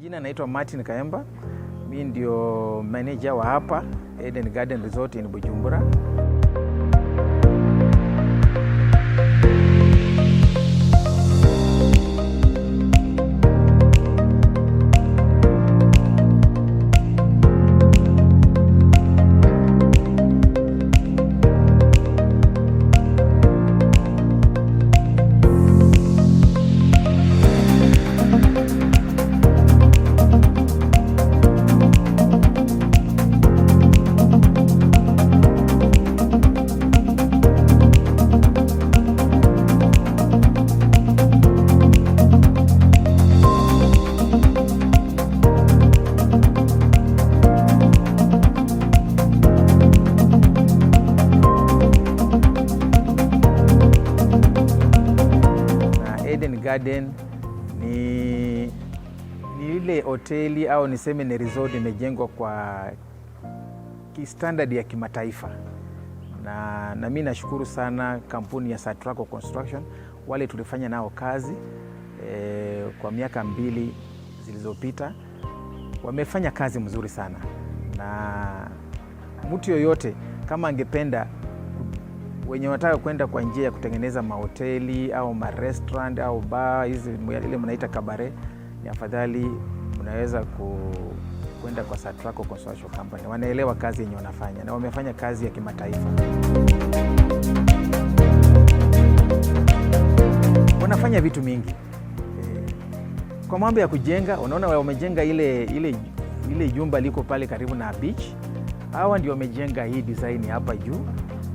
Jina naitwa Martin Kaemba, mi ndio manager wa hapa Eden Garden Resort in Bujumbura. Garden ni, ni ile hoteli au niseme ni resort imejengwa kwa standard ya kimataifa na, na mi nashukuru sana kampuni ya Satraco Construction wale tulifanya nao kazi e, kwa miaka mbili zilizopita wamefanya kazi mzuri sana, na mtu yoyote kama angependa wenye wanataka kwenda kwa njia ya kutengeneza mahoteli au marestaurant au baa hizi ile mnaita kabare, ni afadhali unaweza ku kwenda kwa Satraco Construction Company. Wanaelewa kazi yenye wanafanya na wamefanya kazi ya kimataifa. Wanafanya vitu mingi eh, kwa mambo ya kujenga. Unaona wamejenga ile, ile, ile jumba liko pale karibu na beach. Hawa ndio wamejenga hii design hapa juu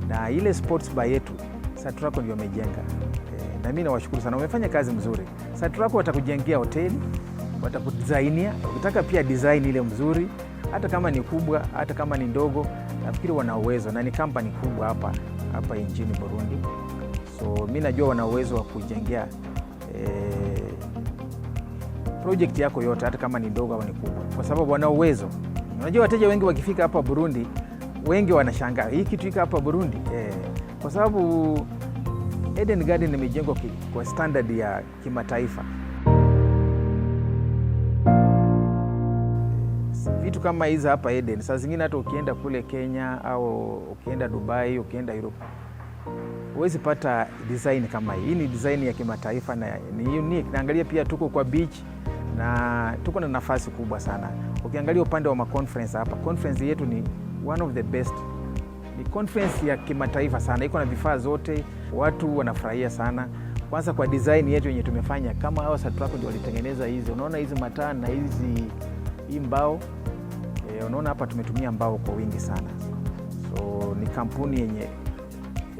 na ile sports bar yetu Satrako ndio wamejenga e, eh, na mimi nawashukuru sana, wamefanya kazi mzuri. Satrako watakujengea hoteli, watakudizainia ukitaka pia design ile mzuri, hata kama ni kubwa, hata kama ni ndogo, nafikiri wana uwezo na ni kampani kubwa hapa hapa nchini Burundi, so mi najua wana uwezo wa kujengea e, project yako yote, hata kama ni ndogo au ni kubwa, kwa sababu wana uwezo. Unajua wateja wengi wakifika hapa Burundi wengi wanashangaa hii kitu iko hapa Burundi eh, kwa sababu Eden Garden imejengwa kwa standard ya kimataifa. Vitu kama hizi hapa Eden, saa zingine hata ukienda kule Kenya au ukienda Dubai, ukienda Europe huwezi pata design kama hii. Hii ni design ya kimataifa na ni unique. Naangalia pia tuko kwa beach na tuko na nafasi kubwa sana. Ukiangalia upande wa ma conference hapa, conference yetu ni one of the best. Ni conference ya kimataifa sana, iko na vifaa zote, watu wanafurahia sana kwanza kwa design yetu yenye tumefanya kama hawa satrako ndio walitengeneza hizi, unaona hizi mataa na hizi hii mbao e, unaona hapa tumetumia mbao kwa wingi sana. So ni kampuni yenye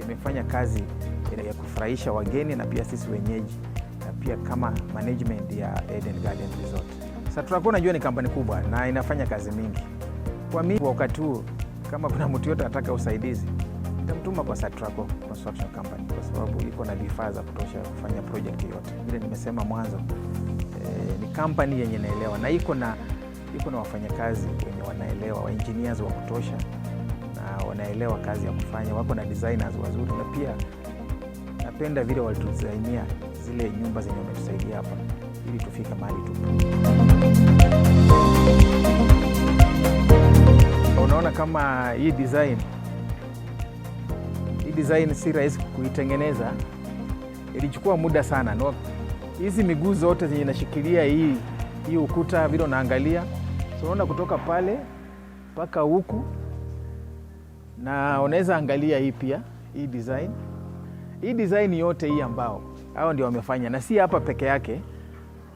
imefanya kazi ya kufurahisha wageni na pia sisi wenyeji na pia kama management ya Eden Garden Resort. Satrako najua ni kampuni kubwa na inafanya kazi mingi. Kwa mimi wakati huo, kama kuna mtu yote anataka usaidizi, nitamtuma kwa Satraco Construction Company kwa sababu iko na vifaa za kutosha kufanya project yote. Vile nimesema mwanzo, eh, ni company yenye naelewa na iko na iko na wafanyakazi wenye wanaelewa wa engineers wa kutosha na wanaelewa kazi ya kufanya, wako na designers wazuri, na pia napenda vile walitudizainia zile nyumba zenye wametusaidia hapa ili tufike mahali tupo unaona kama hii design hii design si rahisi kuitengeneza, ilichukua muda sana. Hizi miguu zote zenye nashikilia hii hii ukuta, vile unaangalia, unaona kutoka pale mpaka huku, na unaweza angalia hii pia, hii design hii design yote hii ambao hao ndio wamefanya, na si hapa peke yake.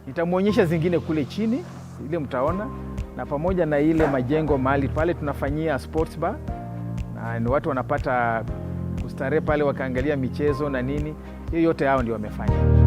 Nitamwonyesha zingine kule chini, ili mtaona na pamoja na ile majengo mahali pale tunafanyia sports bar, na ni watu wanapata kustarehe pale wakaangalia michezo na nini. Hiyo yote hao ndio wamefanya.